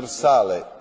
universale